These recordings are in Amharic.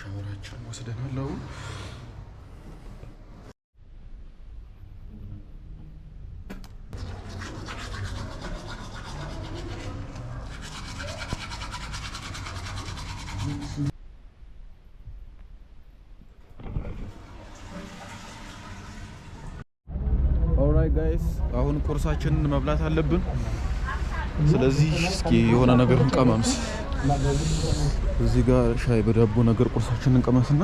ሻወራችን ወስደናል። አሁን ጋይስ አሁን ቁርሳችንን መብላት አለብን። ስለዚህ እስኪ የሆነ ነገር እንቀመምስ እዚህ ጋር ሻይ በዳቦ ነገር ቁርሳችንን ቀመስና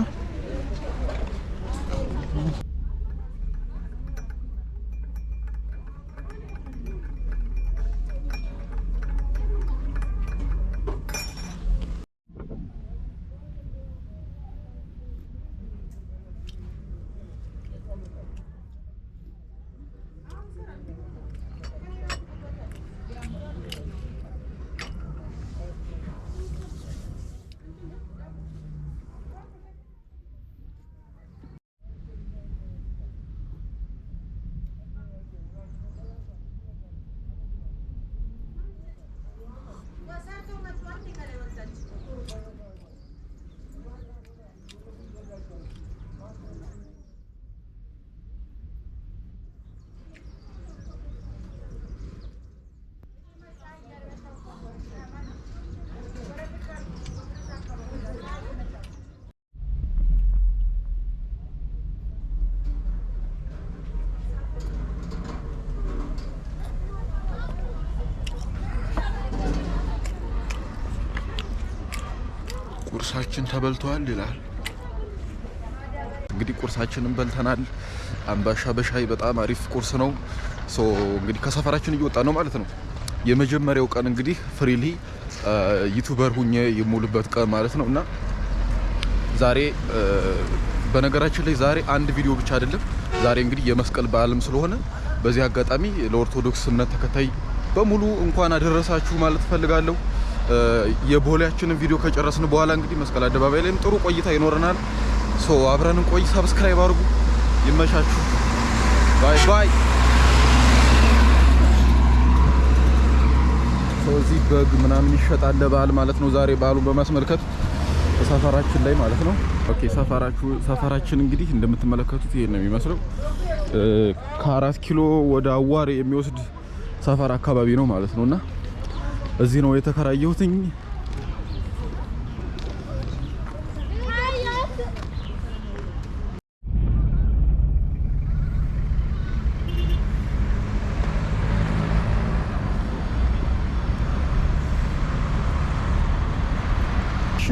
ቁርሳችን ተበልቷል ይላል። እንግዲህ ቁርሳችንን በልተናል። አምባሻ በሻይ በጣም አሪፍ ቁርስ ነው። ሶ እንግዲህ ከሰፈራችን እየወጣ ነው ማለት ነው። የመጀመሪያው ቀን እንግዲህ ፍሪሊ ዩቱበር ሁኜ የሙሉበት ቀን ማለት ነው እና ዛሬ በነገራችን ላይ ዛሬ አንድ ቪዲዮ ብቻ አይደለም። ዛሬ እንግዲህ የመስቀል በዓልም ስለሆነ በዚህ አጋጣሚ ለኦርቶዶክስ እምነት ተከታይ በሙሉ እንኳን አደረሳችሁ ማለት እፈልጋለሁ። የቦሌያችንን ቪዲዮ ከጨረስን በኋላ እንግዲህ መስቀል አደባባይ ላይም ጥሩ ቆይታ ይኖረናል። ሶ አብረን ቆይ፣ ሰብስክራይብ አድርጉ። ይመሻችሁ። ባይ ባይ። እዚህ በግ ምናምን ይሸጣል ለበዓል ማለት ነው። ዛሬ በዓሉን በማስመልከት ሰፈራችን ላይ ማለት ነው። ኦኬ ሰፈራችሁ ሰፈራችን እንግዲህ እንደምትመለከቱት ይሄን ነው የሚመስለው። ከአራት ኪሎ ወደ አዋሬ የሚወስድ ሰፈር አካባቢ ነው ማለት ነውና እዚህ ነው የተከራየሁትኝ።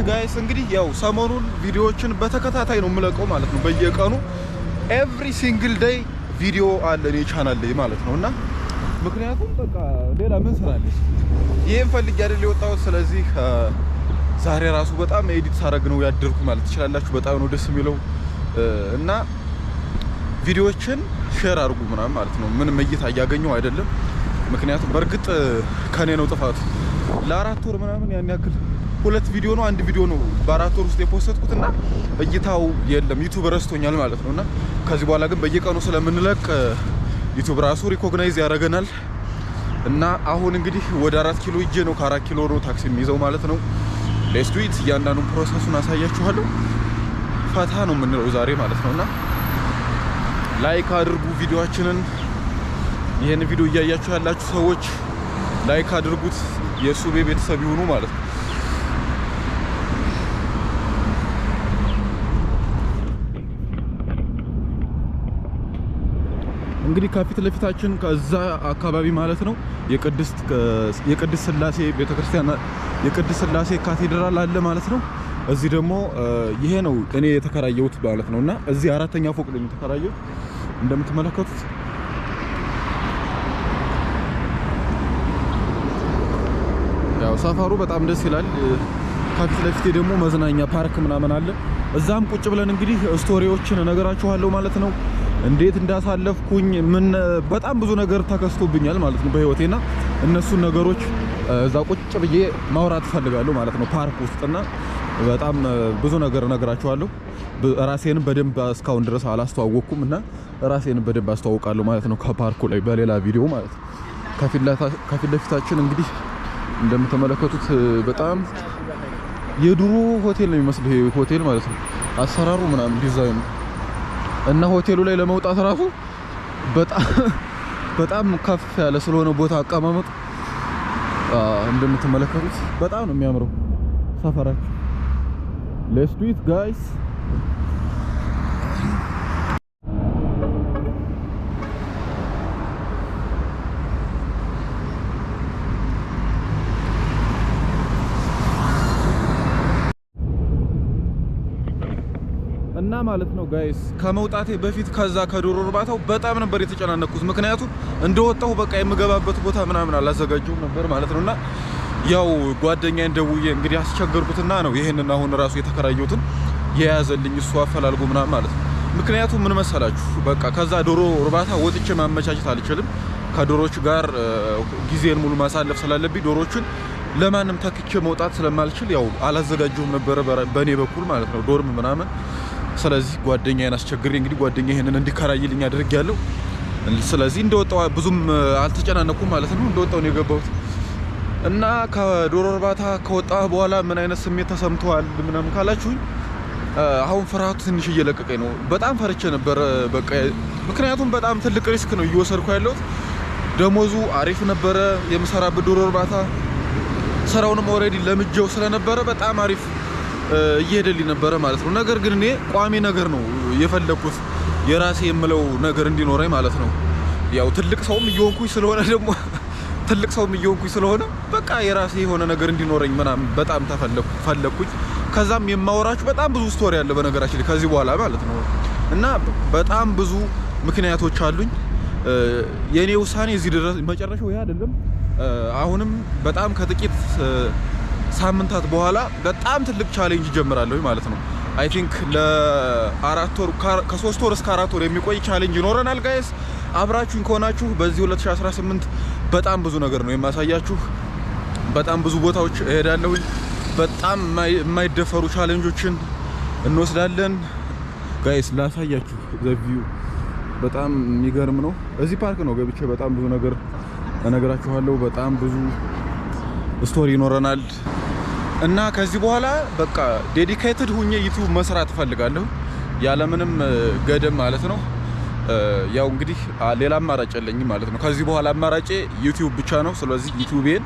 ጋይስ እንግዲህ ያው ሰሞኑን ቪዲዮዎችን በተከታታይ ነው የምለቀው ማለት ነው። በየቀኑ ኤቭሪ ሲንግል ዴይ ቪዲዮ አለ እኔ ቻናል ላይ ማለት ነው እና ምክንያቱም በቃ ሌላ ምን ስላለች ይሄን ፈልጌ አይደል የወጣሁት። ስለዚህ ዛሬ ራሱ በጣም ኤዲት ሳረግ ነው ያደርኩ ማለት ትችላላችሁ። በጣም ነው ደስ የሚለው እና ቪዲዮዎችን ሼር አድርጉ ምናምን ማለት ነው። ምንም እይታ እያገኘው አይደለም። ምክንያቱም በእርግጥ ከኔ ነው ጥፋቱ። ለአራት ወር ምናምን ያን ያክል ሁለት ቪዲዮ ነው አንድ ቪዲዮ ነው በአራት ወር ውስጥ የፖስተትኩት እና እይታው የለም። ዩቱብ ረስቶኛል ማለት ነው እና ከዚህ በኋላ ግን በየቀኑ ስለምንለቅ ዩቲዩብ ራሱ ሪኮግናይዝ ያደርገናል። እና አሁን እንግዲህ ወደ አራት ኪሎ ይዤ ነው ከአራት ኪሎ ነው ታክሲ የሚይዘው ማለት ነው። ሌስ ዱዊት እያንዳንዱን ፕሮሰሱን አሳያችኋለሁ። ፈታ ነው የምንለው ዛሬ ማለት ነው። እና ላይክ አድርጉ ቪዲዮችንን። ይህን ቪዲዮ እያያችሁ ያላችሁ ሰዎች ላይክ አድርጉት፣ የሱቤ ቤተሰብ ይሁኑ ማለት ነው። እንግዲህ ከፊት ለፊታችን ከዛ አካባቢ ማለት ነው የቅድስት ስላሴ ቤተክርስቲያን የቅድስት ስላሴ ካቴድራል አለ ማለት ነው። እዚህ ደግሞ ይሄ ነው እኔ የተከራየሁት ማለት ነው እና እዚህ አራተኛ ፎቅ ላይ የተከራየሁት እንደምትመለከቱት ያው ሰፈሩ በጣም ደስ ይላል። ከፊት ለፊቴ ደግሞ መዝናኛ ፓርክ ምናምን አለ። እዛም ቁጭ ብለን እንግዲህ ስቶሪዎችን እነግራችኋለሁ ማለት ነው። እንዴት እንዳሳለፍኩኝ ምን በጣም ብዙ ነገር ተከስቶብኛል ማለት ነው በህይወቴና እነሱን ነገሮች እዛ ቁጭ ብዬ ማውራት እፈልጋለሁ ማለት ነው ፓርክ ውስጥና በጣም ብዙ ነገር እነግራችኋለሁ። ራሴን በደንብ እስካሁን ድረስ አላስተዋወቅኩም እና ራሴን በደንብ አስተዋውቃለሁ ማለት ነው ከፓርኩ ላይ በሌላ ቪዲዮ ማለት ነው። ከፊት ለፊታችን እንግዲህ እንደምትመለከቱት በጣም የድሮ ሆቴል ነው የሚመስል ይሄ ሆቴል ማለት ነው አሰራሩ ምናምን ዲዛይኑ እና ሆቴሉ ላይ ለመውጣት ራሱ በጣም ከፍ ያለ ስለሆነ ቦታ አቀማመጥ እንደምትመለከቱት በጣም ነው የሚያምረው ሰፈራችሁ። ሌትስ ዱ ኢት ጋይስ እና ማለት ነው ጋይስ ከመውጣቴ በፊት ከዛ ከዶሮ እርባታው በጣም ነበር የተጨናነኩት። ምክንያቱም እንደወጣሁ በቃ የምገባበት ቦታ ምናምን አላዘጋጀሁም ነበር ማለት ነውና ያው ጓደኛዬን ደውዬ እንግዲህ አስቸገርኩትና ነው ይሄንን አሁን ራሱ የተከራየሁትን የያዘልኝ እሱ አፈላልጎ ምናምን ማለት ነው። ምክንያቱም ምን መሰላችሁ በቃ ከዛ ዶሮ እርባታ ወጥቼ ማመቻቸት አልችልም። ከዶሮች ጋር ጊዜን ሙሉ ማሳለፍ ስላለብኝ ዶሮችን ለማንም ተክቼ መውጣት ስለማልችል ያው አላዘጋጀሁም ነበረ በእኔ በኩል ማለት ነው ዶርም ምናምን ስለዚህ ጓደኛዬን አስቸግሬ እንግዲህ ጓደኛ ይሄንን እንዲከራይልኝ ያለው ስለዚህ እንደወጣው ብዙም አልተጨናነኩም ማለት ነው። እንደወጣው ነው የገባሁት እና ከዶሮ እርባታ ከወጣ በኋላ ምን አይነት ስሜት ተሰምተዋል ምናምን ካላችሁኝ፣ አሁን ፍርሃቱ ትንሽ እየለቀቀኝ ነው። በጣም ፈርቼ ነበር በቃ። ምክንያቱም በጣም ትልቅ ሪስክ ነው እየወሰድኩ ያለሁት። ደሞዙ አሪፍ ነበረ የምሰራበት ዶሮ እርባታ ስራውንም ኦልሬዲ ለምጀው ስለነበረ በጣም አሪፍ እየሄደልኝ ነበረ ማለት ነው። ነገር ግን እኔ ቋሚ ነገር ነው የፈለኩት የራሴ የምለው ነገር እንዲኖረኝ ማለት ነው። ያው ትልቅ ሰውም እየሆንኩኝ ስለሆነ ደግሞ ትልቅ ሰውም እየሆንኩኝ ስለሆነ በቃ የራሴ የሆነ ነገር እንዲኖረኝ ምናምን በጣም ተፈለኩኝ። ከዛም የማወራችሁ በጣም ብዙ ስቶሪ አለ በነገራችን ከዚህ በኋላ ማለት ነው እና በጣም ብዙ ምክንያቶች አሉኝ። የእኔ ውሳኔ እዚህ ድረስ መጨረሻው ይህ አይደለም። አሁንም በጣም ከጥቂት ሳምንታት በኋላ በጣም ትልቅ ቻሌንጅ ጀምራለሁ ማለት ነው። አይ ቲንክ ለአራት ወር ከሶስት ወር እስከ አራት ወር የሚቆይ ቻሌንጅ ይኖረናል ጋይስ። አብራችሁኝ ከሆናችሁ በዚህ 2018 በጣም ብዙ ነገር ነው የማሳያችሁ። በጣም ብዙ ቦታዎች እሄዳለሁኝ። በጣም የማይደፈሩ ቻሌንጆችን እንወስዳለን ጋይስ። ላሳያችሁ ዘቪው በጣም የሚገርም ነው። እዚህ ፓርክ ነው ገብቼ በጣም ብዙ ነገር እነግራችኋለሁ። በጣም ብዙ ስቶሪ ይኖረናል። እና ከዚህ በኋላ በቃ ዴዲኬትድ ሁኜ ዩቲዩብ መስራት እፈልጋለሁ ያለምንም ገደብ ማለት ነው። ያው እንግዲህ ሌላ አማራጭ የለኝም ማለት ነው። ከዚህ በኋላ አማራጬ ዩቲዩብ ብቻ ነው። ስለዚህ ዩቲዩቤን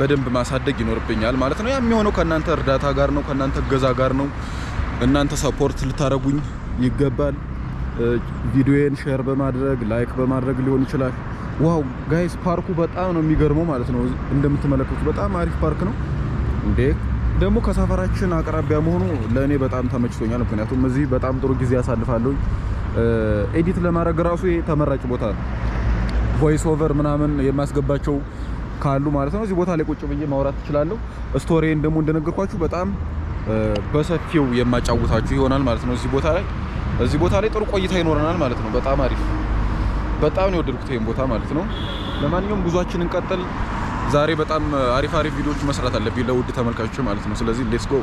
በደንብ ማሳደግ ይኖርብኛል ማለት ነው። ያ የሚሆነው ከእናንተ እርዳታ ጋር ነው፣ ከእናንተ እገዛ ጋር ነው። እናንተ ሰፖርት ልታደረጉኝ ይገባል። ቪዲዮዬን ሼር በማድረግ ላይክ በማድረግ ሊሆን ይችላል። ዋው ጋይስ ፓርኩ በጣም ነው የሚገርመው ማለት ነው። እንደምትመለከቱት በጣም አሪፍ ፓርክ ነው። እንዴ ደግሞ ከሰፈራችን አቅራቢያ መሆኑ ለእኔ በጣም ተመችቶኛል። ምክንያቱም እዚህ በጣም ጥሩ ጊዜ ያሳልፋለሁ። ኤዲት ለማድረግ ራሱ ተመራጭ ቦታ ነው። ቮይስ ኦቨር ምናምን የማስገባቸው ካሉ ማለት ነው እዚህ ቦታ ላይ ቁጭ ብዬ ማውራት ትችላለሁ። ስቶሪን ደግሞ እንደነገርኳችሁ በጣም በሰፊው የማጫውታችሁ ይሆናል ማለት ነው። እዚህ ቦታ ላይ እዚህ ቦታ ላይ ጥሩ ቆይታ ይኖረናል ማለት ነው። በጣም አሪፍ፣ በጣም ነው የወደድኩት ይሄን ቦታ ማለት ነው። ለማንኛውም ጉዟችንን ቀጥል። ዛሬ በጣም አሪፍ አሪፍ ቪዲዮዎች መስራት አለብኝ ለውድ ተመልካቾች ማለት ነው። ስለዚህ ሌትስ ጎ።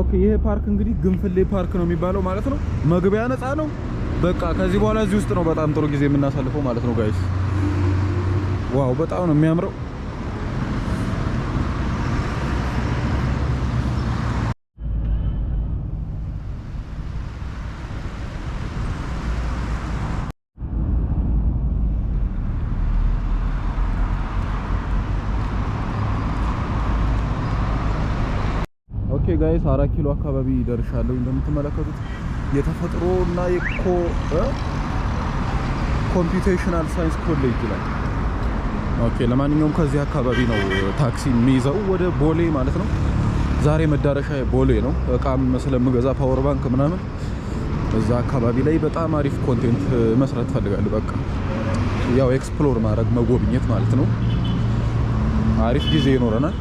ኦኬ ይሄ ፓርክ እንግዲህ ግንፍሌ ፓርክ ነው የሚባለው ማለት ነው። መግቢያ ነፃ ነው። በቃ ከዚህ በኋላ እዚህ ውስጥ ነው በጣም ጥሩ ጊዜ የምናሳልፈው ማለት ነው ጋይስ። ዋው በጣም ነው የሚያምረው። ኦኬ ጋይስ አራት ኪሎ አካባቢ ይደርሻለሁ። እንደምትመለከቱት የተፈጥሮ እና የኮ ኮምፒውቴሽናል ሳይንስ ኮሌጅ ላይ ኦኬ። ለማንኛውም ከዚህ አካባቢ ነው ታክሲ የሚይዘው ወደ ቦሌ ማለት ነው። ዛሬ መዳረሻ ቦሌ ነው። እቃም ስለምገዛ ፓወር ባንክ ምናምን እዛ አካባቢ ላይ በጣም አሪፍ ኮንቴንት መስራት ፈልጋለሁ። በቃ ያው ኤክስፕሎር ማድረግ መጎብኘት ማለት ነው። አሪፍ ጊዜ ይኖረናል።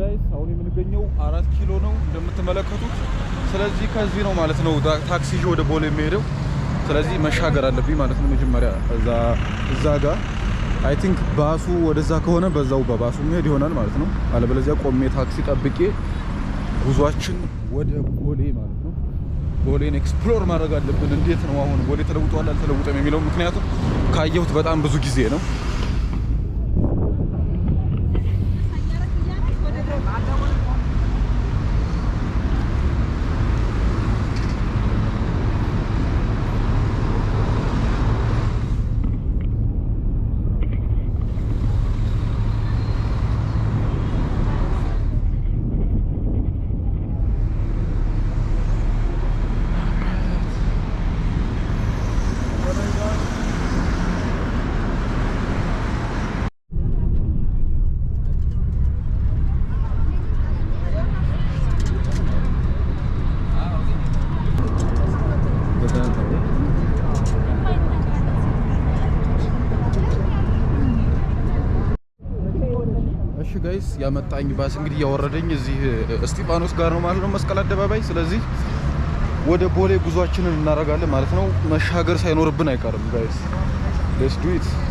ጋይስ አሁን የምንገኘው አራት ኪሎ ነው እንደምትመለከቱት። ስለዚህ ከዚህ ነው ማለት ነው ታክሲ ይዤ ወደ ቦሌ የሚሄደው። ስለዚህ መሻገር አለብኝ ማለት ነው መጀመሪያ እዛ ጋር አይ ቲንክ ባሱ ወደዛ ከሆነ በዛው በባሱ መሄድ ይሆናል ማለት ነው። አለበለዚያ ቆሜ ታክሲ ጠብቄ ጉዟችን ወደ ቦሌ ማለት ነው። ቦሌን ኤክስፕሎር ማድረግ አለብን። እንዴት ነው አሁን ቦሌ ተለውጧል አልተለውጠም የሚለው ምክንያቱም ካየሁት በጣም ብዙ ጊዜ ነው። እሺ ጋይስ ያመጣኝ ባስ እንግዲህ ያወረደኝ እዚህ እስጢፋኖስ ጋር ነው ማለት ነው፣ መስቀል አደባባይ። ስለዚህ ወደ ቦሌ ጉዟችንን እናደርጋለን ማለት ነው። መሻገር ሳይኖርብን አይቀርም ጋይስ። ሌትስ ዱ ኢት